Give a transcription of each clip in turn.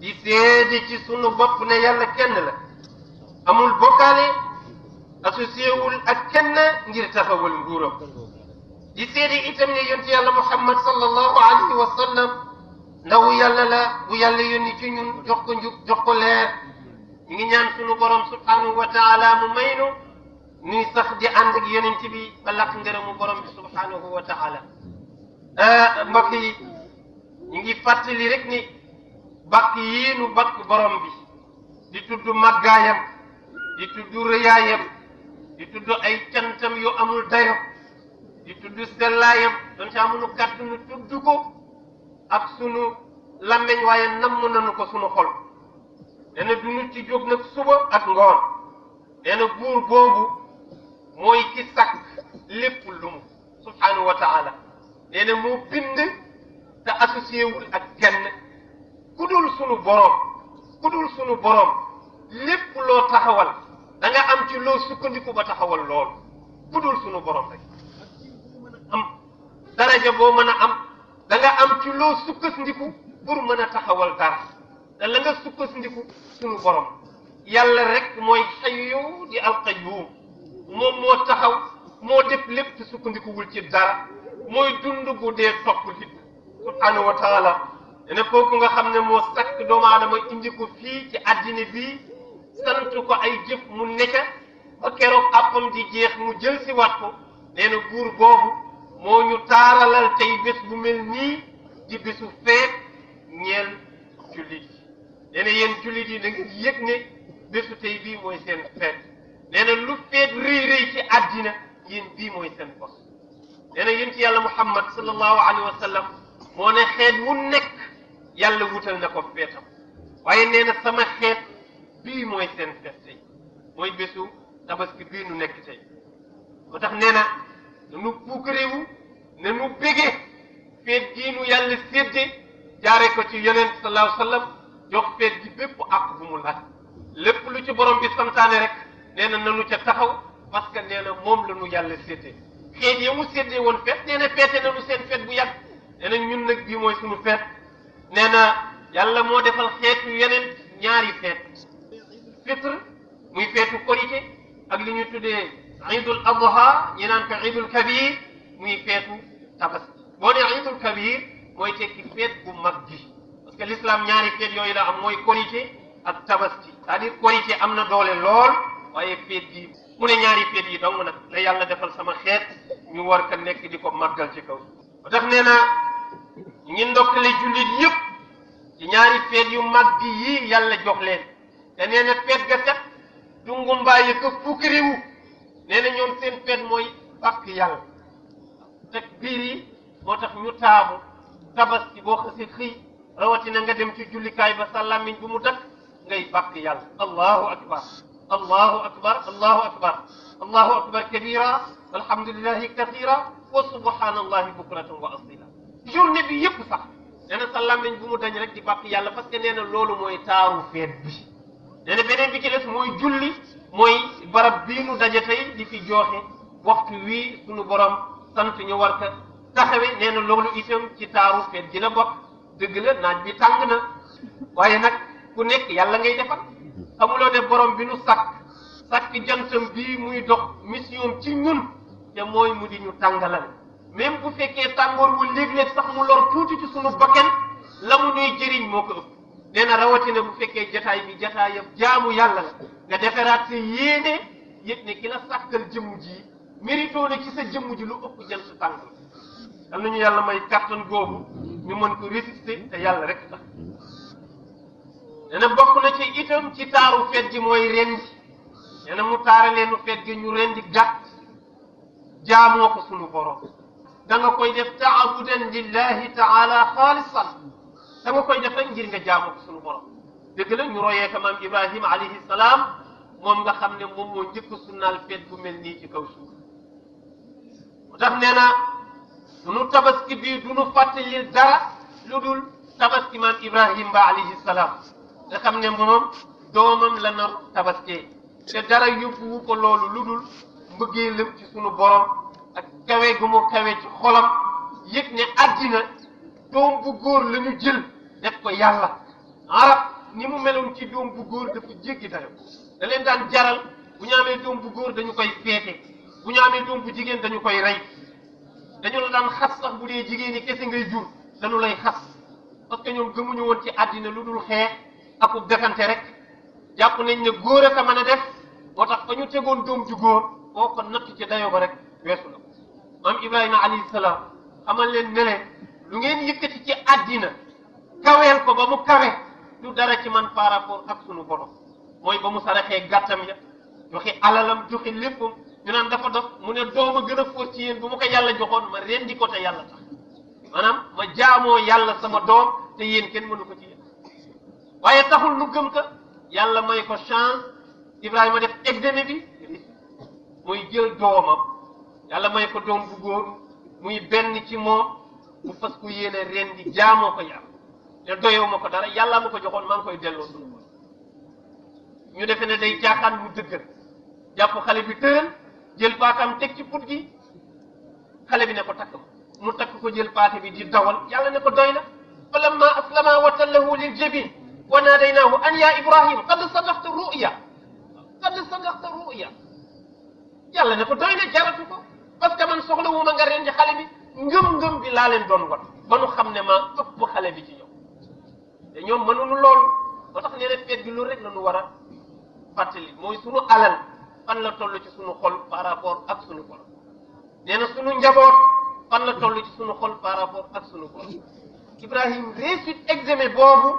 di seede ci sunu bopp ne yàlla kenn la amul bokkaale associé wul ak kenn ngir taxawal nguuram di seede itam ne yonti yàlla muhammad sallallahu alayhi wa sallam ndawu yàlla la bu yàlla yónni ci ñun jox ko njub jox ko leer ñu ngi ñaan sunu borom subhanahu wa taala mu maynu ñuy sax di ànd ak yonent bi ba lakk ngërëmu borom bi subhanahu wa taala mbokk yi ñu ngi fàttali rek ni bakk yii nu bakk bi di tudd màggaayam di tudd rëyaayam di tudd ay cantam yu amul dayo di tudd sellaayam doon ci amunu kàtt nu tudd ko ak sunu làmmeñ waaye namm nanu ko sunu xol nee du nu ci jóg nag suba ak ngoon nee buur boobu mooy ki sàkk lépp lu mu subhaanahu wa taala nee na moo bind te associé wul ak ku dul sunu borom ku dul sunu borom lépp loo taxawal da nga am ci loo sukkandiku ba taxawal lool ku dul sunu borom rek am daraja boo mën a am da nga am ci mën a taxawal dara te la nga sukkandiku sunu borom yàlla rek mooy xayyu di alqayyum moom moo taxaw moo def lépp te sukkandikuwul ci dara mooy dund bu dee topp nit subhanahu ne kooku nga xamne mo sak do ma dama indi ko fi ci adina bi sant ko ay jëf mu neca ba keroog apam di jeex mu jël ci wat ko neena bur bobu mo ñu taralal tay bés bu mel nii di bésu feet ñeel jullit yi yéen julit yi da nga yek ne bisu tay bi moy seen feet neena lu feet rëy rëy ci adina yéen bi moy seen bos neena yéen ci yàlla muhammad sallallahu alaihi wasallam mo ne xeet mu nekk yàlla wutal na ko feetam waaye nee na sama xeet bii mooy seen feet tey mooy bésu tabaski bii nu nekk tey moo tax nee na nanu puukarewu ne nu bége feet gii nu yàlla sédde jaare ko ci yonent sallallahu sallam jox feet gi bépp àq bu mu laaj lépp lu ci borom bi santaane rek nee na nanu ca taxaw parce que nee na moom la nu yàlla sédde xeet ya mu sédde woon feet nee na feete nanu seen feet bu yàgg nee ñun nag bii mooy sunu feet nee na yàlla moo defal xeetu yeneen ñaari feet fitre muy feetu korité ak li ñu tuddee iidul adha ñu naan ko iidul kabir muy feetu tabaski boo ne iidul kabir mooy tekki feet bu mag ji parce que l'islam ñaari feet yooyu la am mooy korité ak tabaski c'est-à-dire korité am na doole lool waaye feet yi mu ne ñaari feet yi dong nag la yàlla defal sama xeet ñu war ka nekk di ko màggal ci kaw daf nee na ñi ndokkale jullit yépp ci ñaari feet yu mag yi yàlla jox leen te nee na feet ga kat du ngumbaay ya ka fukkiriwu nee na ñoom seen feet mooy bàkk yàlla teg biir yi moo tax ñu taamu boo xasi xëy rawatina nga dem ci jullikaay ba sa bu mu dakk ngay yàlla allahu akbar allahu akbar allahu akbar allahu akbar kabira walhamdulillahi kathira wa subhanallahi bukratan wa asila journée bi yépp sax nee na sa bu mu dañ rek di bàpp yàlla parce que nee na loolu mooy taaru feet bi nee na beneen bi ci des mooy julli mooy barab bii nu daje tey di fi jooxe waxtu wii sunu borom sant ñu war ka taxawe nee na loolu itam ci taaru feet gi la bokk dëgg la naaj bi tàng na waaye nag ku nekk yàlla ngay defal xamuloo ne borom bi nu sàkk sàkk jantam bii muy dox mission ci ñun te mooy mu di ñu tàngalal même bu fekkee tàngoor wu léeg-léeg sax mu lor tuuti ci sunu bakken la mu jëriñ moo ko ëpp nee na rawatina bu fekkee jataay bi jataayam jaamu yàlla la nga defaraat sa yéene yëg ne ki la sàkkal jëmm ji mérito ci sa jëmm ji lu ëpp jant tàngoor am nañu yàlla may kàttan googu ñu mën ko résister te yàlla rek sax na bokk na ci itam ci taaru fet gi mooy rendi nee na mu taaraleenu fet gi ñu rendi gàtt jaamoo ko sunu borom danga koy def taabudan lillahi taala xaalisan danga koy def rek ngir nga jaamu ko suñu borom dëgg la ñu royee ko maam ibrahim alayhi salaam moom nga xam ne moom moo njëkk sunnaal feet bu mel nii ci kaw suuf mu tax nee na sunu tabaski bii du nu fàttali dara lu dul tabaski maam ibrahim ba alayhi salaam nga xam ne moom doomam la nar tabaskee te dara yóbbuwu ko loolu lu dul mbëggeelam ci sunu borom ak kawe gu mu kawe ci xolam yëpp ne àddina doom bu góor lañu ñu jël def ko yàlla arab ni mu meloon ci doom bu góor dafa jéggi dayo da leen daan jaral bu ñu amee doom bu góor dañu koy feete bu ñu amee bu jigéen dañu koy rey dañu la daan xas sax bu dee jigéen ñi kese ngay jur dañu lay xas parce que ñoom gëmuñu woon ci àddina lu dul xeex akub defante rek jàpp nañ ne góor a ka mën def moo tax ba ñu tegoon doom ju góor boo ko natt ci dayoo ba rek weesu la maam Ibrahima alayhi salaam amal leen ne lu ngeen yëkkati ci àddina kaweel ko ba mu kawe du dara ci man par rapport ak sunu borom mooy ba mu saraxee gàttam ya joxe alalam joxe léppam ñu naan dafa dof mu ne dooma gën a fóot ci yéen bu ma ko yàlla joxoon ma rendi ko te yàlla tax maanaam ma jaamoo yàlla sama doom te yéen kenn mënu ko ci yéen waaye taxul nu gëm ka yàlla may ko chance Ibrahima def examen bi muy jël doomam yàlla may ko doom bu góor muy benn ci moom mu fas ku yéene ren di jaamoo ko yàlla te doyewu ma ko dara yàlla ma ko joxoon maa ngi koy delloo suñu borom ñu defe ne day caaxaan mu dëggal jàpp xale bi tëral jël paakaam teg ci put gi xale bi ne ko takk mu takk ko jël paaka bi di dawal yàlla ne ko doy na fa aslama wa tallahu lil jabin wa nadaynahu an ya ibrahim qad sadaqta ru'ya qad sadaqta ru'ya yàlla ne ko doy na jaratu ko parce que man soxla wu ma nga rendi xale bi ngëm-ngëm bi laa leen doon wat ba nu xam ne maa ëpp xale bi ci ñoom te ñoom mënuñu loolu ba tax nee feet bi loolu rek la ñu war a fàttali mooy sunu alal fan la toll ci sunu xol par rapport ak sunu xol nee na sunu njaboot fan la toll ci sunu xol par rapport ak sunu xol Ibrahim réussite examen boobu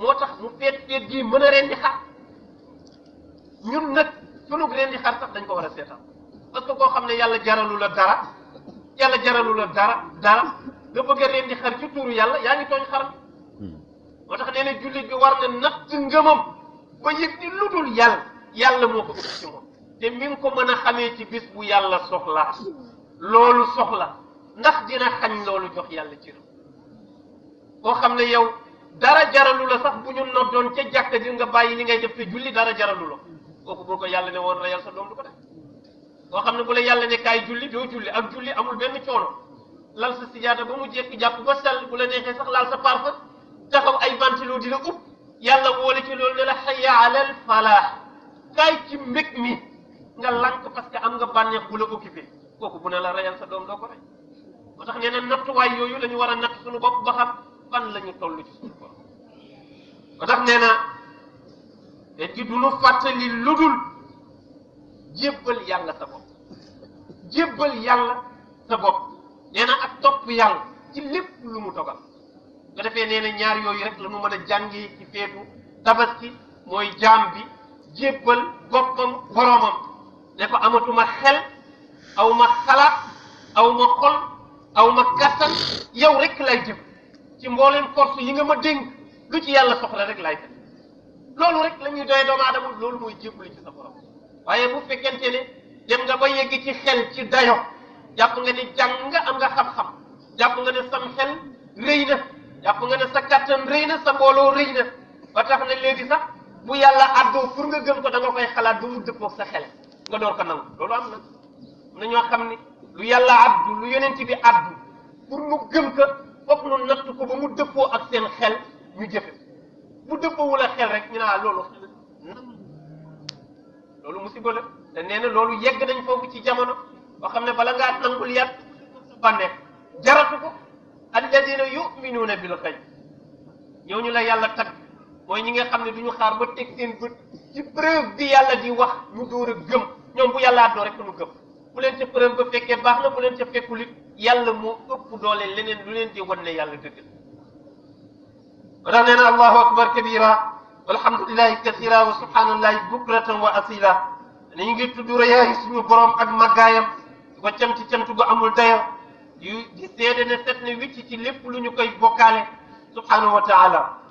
moo tax mu feet feet gii mën a rendi xar ñun nag sunu rendi xar sax dañ ko war a seetaan parce ko xamne yalla jaralu la dara yalla jaralu la dara dara nga bëgg leen di xar ci turu yalla yaangi toñ xar xaram hmm. moo tax nee jullit bi war na natt ngeemam ba yëg ni lu yalla yalla moko ko ci moom te mi ngi ko mën xamé ci bis bu yalla soxla loolu soxla ndax dina xagn loolu jox yalla ci koo ko xamne yow dara jaralu la sax bu ñu noddoon ca jàkka ji nga bayyi ni ngay def te julli dara jaralu la kooku bu ko yalla ne woon reyal sa doom du ko def boo xam ne bu la yàlla ne kaay julli doo julli ak julli amul benn coono lal sa sijaata ba mu jekki jàpp ba sell bu la neexee sax laal sa parfa taxaw ay bantiloo di la upp yàlla woole ci loolu ne la hayya alal falaax kaay ci mbég mi nga lank parce que am na bànneex bu la kooku bu ne la sa doom doo ko rey moo tax nee na nattuwaay yooyu la war a natt suñu bopp ba xam ba la ñu toll ci suñu bopp moo tax nee na te di du nu fàttali ludul jébbal yàlla sa bopp jébbal yàlla sa bopp nee na ak topp yàlla ci lépp lu mu dogal nga defee nee na ñaar yooyu rek la mu mën a jàngee ci feetu tabaski mooy jaam bi jébbal boppam boromam ne ko amatuma xel aw ma xalaat aw ma xol aw ma kàttan yow rek lay jëm ci mbooleem force yi nga ma dénk lu ci yàlla soxla rek lay def loolu rek la ñuy doy doomu aadama loolu mooy jébbali ci sa borom waaye bu fekkente ne dem nga ba yegg ci xel ci dayo jàpp nga ne jàng nga am nga xam jàpp nga ne sam xel rëy na jàpp nga ne sa kattan rëy na sa mbooloo rëy na ba tax na léegi sax mu yàlla àddoo pour nga gën ko danga nga koy xalaat bu mu dëppoo sa xel nga door ko nangu loolu am na na ñoo xam ne lu yàlla àddu lu yonent bi àddu pour mu gëm ko foog nu natt ko ba mu dëppoo ak seen xel ñu jëfe bu dëppoowul ak xel rek ñu naa ah, loolu xel loolu musiba la te nee na loolu yegg nañ foofu ci jamono boo xam ne bala ngaa nangul yat ba nekk jaratu ko alladina yuminuuna bil xëy ñooñu la yàlla tag mooy ñi nga xam ne du ñu xaar ba teg seen bët ci bi yàlla di wax ñu dóor a gëm ñoom bu yàlla doo rek ñu gëm bu leen ca preuve ba fekkee baax na bu leen ca fekkul it yàlla moo ëpp doole leneen lu leen di wan ne yàlla dëgg la. nee na allahu akbar kabira والحمد لله كثيرا وسبحان الله بكرة وأصيلا نيجي تدور يا يسمى برام أك مغايم وتم تتم تبغى أمول دايا يسير نسات نويت تلف بلو نكوي بوكالة سبحانه وتعالى